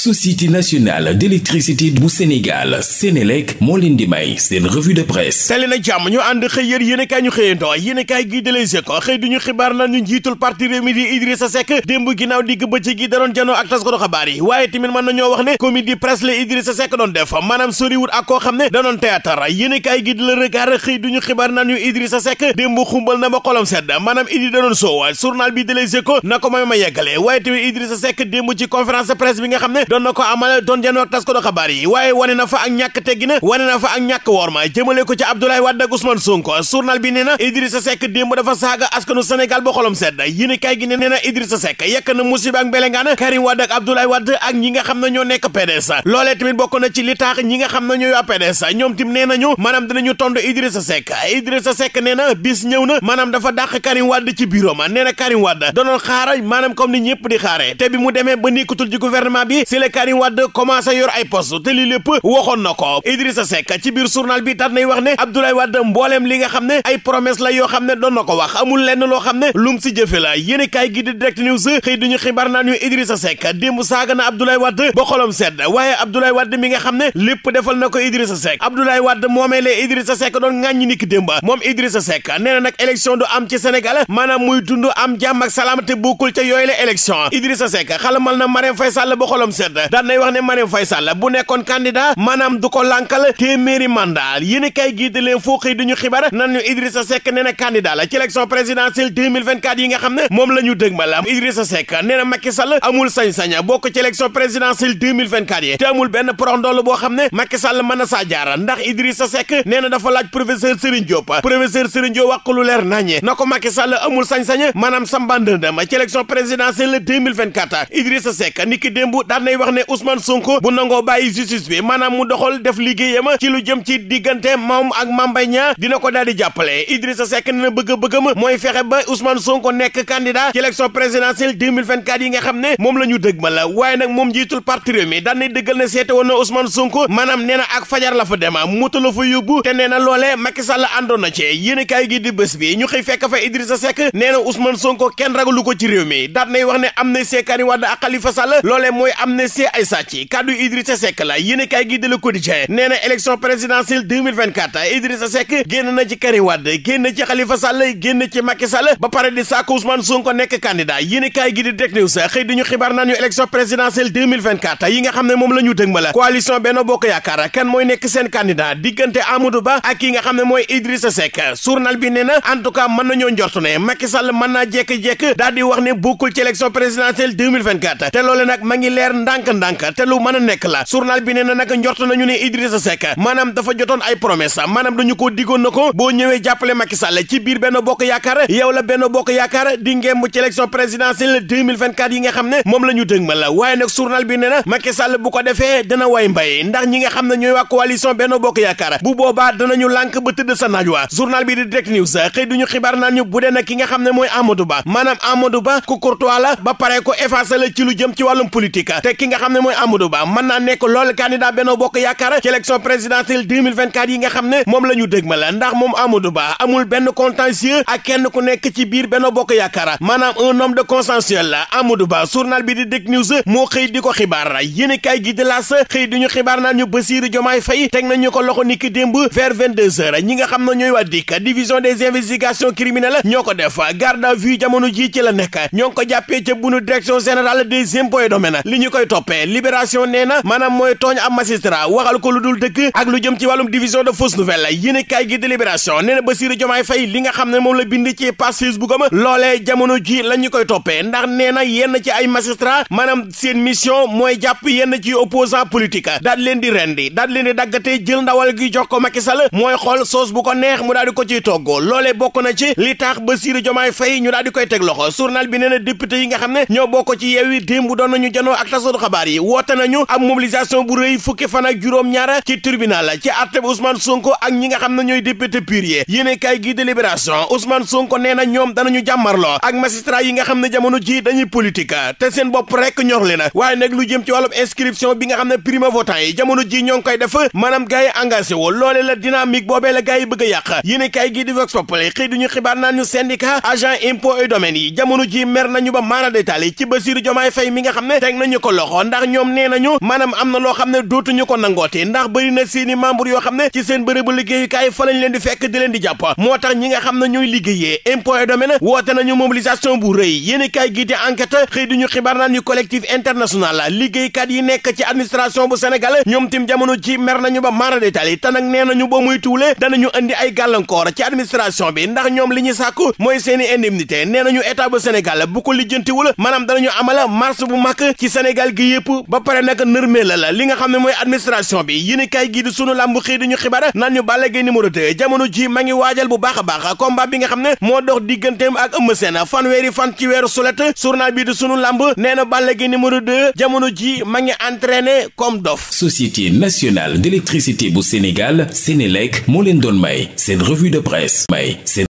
société nationale d'électricité bu Sénégal Sénélec moo leen di may seen revue de presse teli jàmm ñu ànd xëy yër yéenekaay ñu xëyandoo yéenekaay gi de Les Échos xëy duñu xibaar na njiitul parti Rewmi di Idrissa Seck démb ginnaaw digg bëccëg gi da doon janoo ak taskatu xabaar yi waaye tamit mën nañoo wax ne comédie presse la Idrissa Seck doon def maanaam soriwut ak koo xam ne da doon théâtre yéenekaay gi di Le Regard xëy duñu xibaar na ñu Idrissa Seck nga xam ne doon na ko amale doon jënoo ak tas ko do xabaar yi waaye wane na fa ak ñàkk teggin wane na fa ak ñàkk worma jëmale ko ci Abdoulaye Wade ak Ousmane Sonko journal bi nee na Idrissa Seck démb dafa saaga askanu Sénégal ba xolom sedd yéen kay gi ne nee na Idrissa Seck yekk na musiba ak mbelengaan Karim Wade ak Abdoulaye Wade ak ñi nga xam ne ñoo nekk PDS loolee tamit bokk na ci li tax ñi nga xam ne ñooy waa PDS ñoom tim nee nañu maanaam dinañu tontu Idrissa Seck nee na bis ñëw maanaam dafa dàq Karim Wade ci bureau ma nee na Karim Wade maanaam comme ni ñëpp xaare te bi mu demee ba nekkatul ci gouvernement bi la Karim Wade commencé yor ay poste te lépp waxoon na ko Idrissa Seck ci biir journal wax ne Abdoulaye Wade mbooleem li nga xam ne ay promesse la yoo xam ne doon na ko wax amul lenn loo xam ne lum si jëfe la yéen kaay gi di direct news xëy duñu xibaar naa ñu Idrissa Seck démb saaga na Abdoulaye Wade ba xolam sedd waaye Abdoulaye Wade mi nga xam ne lépp defal na ko Idrissa Seck Abdoulaye Wade moomee la Idrissa Seck doon ŋàññi ni ki démba moom Idrissa Seck nee 2024 daan wax ne Marième Faye Sall bu nekkoon candidat maanaam du ko lànkal téeméeri mandat yéen i kay giite leen foo xëy di ñu xibaar nan ñu Idrissa Seck nee na candidat la ci élection yi nga xam ne moom la ñu dëgmal Idrissa Seck nee na Macky amul sañ-saña bokk ci élection présidentielle 2024 yi te amul benn porondoll boo xam ne Macky Sall mën na saa ndax Idrissa Seck nee na dafa laaj professeur Serigne Diop wax ne Ousmane Sonko bu nangoo bàyyi justice bi maanaam mu doxal def liggéeyam ci lu jëm ci diggante moom ak Mame Mbaye Niang dina ko daal di jàppale Idrissa Seck na bëgg mooy fexe ba Ousmane Sonko nekk candidat ci élection présidentielle 2024 yi nga xam ne moom la ñu dëgmal la waaye nag moom njiitul parti Rewmi daan na dëggal ne seete na Ousmane Sonko maanaam nee ak fajar la fa dem moto la fa yóbbu te nee na loolee Macky Sall àndoon na ci yéenekaay si ay sàcc kàddu Idrissa Seck la yéen a kaay gi de Le Quotidien nee na élection présidentielle 2024 Idrissa Seck génn na ci Karim Wade génn ci Khalifa Sall génn ci Macky Sall ba pare nekk candidat yéen a kaay gi di Direct News xëy dañu xibaar naan ñu élection présidentielle 2024 yi nga xam ne moom la ñu dëg ma la coalition Benno Bokk mooy nekk seen candidat diggante Amadou ak ki nga xam ne mooy Idrissa Seck na en tout cas mën nañoo njort ne Macky Sall mën naa jekk-jekk daal di ndànk-ndànk te lu mën nekk la journal bi nee na nag njort nañu ne Idrissa Seck maanaam dafa jotoon ay promesse maanaam dañu ko diggoon na ko boo ñëwee jàppale Macky Sall ci biir benn bokk yaakaar yow la benn bokk yaakaar di ngeem ci élection présidentielle 2024 yi nga xam ne moom la ñu dëgmal la waaye nag journal bi nee na Macky Sall bu ko defee dana way mbay ndax ñi nga xam ne ñooy waa coalition benn bokk yaakaar bu boobaa danañu lànk ba tëdd sa naaj wa journal bi di direct news xëy duñu xibaar naan ñu bu dee ki nga xam ne mooy Amadou Ba maanaam Amadou Ba ku courtois la ba pare ko effacé la ci lu jëm ci wàllum politique nga xam ne mooy Amadou Ba mën naa nekk loolu candidat Benno Bokk Yaakaar ci élection présidentielle 2024 yi nga xam ne moom la ñu dëgmal ndax moom Amadou Ba amul benn contentieux ak kenn ku nekk ci biir Benno Bokk Yaakaar maanaam un homme de consensuel la Amadou Ba journal bi di Dik News moo xëy di ko xibaar yéen kay gi di xëy di ñu xibaar naan ñu Bassirou Diomaye Faye teg nañu ko loxo niki démb vers 22 heures ñi nga xam ne ñooy waa DIC division des toppee libération nee na maanaam mooy tooñ am magistrat waxal ko lu dul dëgg ak lu jëm ci wàllum division de fausse nouvelle yéene kaay gi di libération nee na Bassirou Diomaye Faye li nga xam ne moom la bind ci page Facebook am loolee jamono ji la ñu koy toppee ndax nee na yenn ci ay magistrat maanaam seen mission mooy jàpp yenn ci opposant politique daal leen di rendi daal leen di daggatee jël ndawal gi jox ko Macky mooy xool soos bu ko neex mu daal di ko ciy togg loolee bokk na ci li tax Bassirou Diomaye Faye ñu daal di nga xam ne ñoo bokk ci yeewi xabaar yi woote nañu am mobilisation bu rëy fukki fan juróom-ñaar ci tribunal ci àtte Ousmane Sonko ak ñi nga xam ne ñooy député pur yi yéene kaay gi de Libération Ousmane Sonko nee na ñoom danañu a ak magistrat yi nga xam ne jamono ji dañuy politique te seen bopp rek ñor leen waaye nag lu jëm ci wàllum inscription bi nga xam ne primo votant yi jamono ji ñoo ngi koy def maanaam gars yi engagé woo loole la dynamique boobee la gars yi bëgg a gi nga xam ne teg nañu ko loxo ndax ñoom nee nañu maanaam am na loo xam ne dootuñu kon nangoote ndax bëri na seeni membre yoo xam ne ci seen bërëbu liggéeyukaay fa lañ leen di fekk di leen di jàpp moo tax ñi nga xam ne ñooy liggéeyee impôt domaine woote nañu mobilisation bu rëy yéen i kaay gii di enquête xëy di ñu xibaar na ñu collectif international liggéeykat yi nekk ci administration bu Sénégal ñoom tim jamono ji mer nañu ba mara détail te nag nee nañu ba muy tuule danañu indi ay gàllankoor ci bi ndax ñoom li ñu sàkku mooy seeni indemnité nee nañu état bu Sénégal bu ko lijjantiwul maanaam danañu amala marche bu mag ci Sénégal bëgg yëpp ba pare nag nërmee la la li nga xam ne mooy administration bi yéen kaay gii di sunu làmb xëy di ñu xibaar naan ñu Balla Gaye numéro jamono ji ma ngi waajal bu baax a baax combat bi nga xam ne moo dox digganteem ak Eumeu Sène fanweeri fan ci weeru sulet journal bi di sunu làmb nee na Balla Gaye numéro 2 jamono ji ma ngi entraîné comme dof Société nationale d'électricité bu Sénégal Sénélec moo leen doon may seen revue de presse may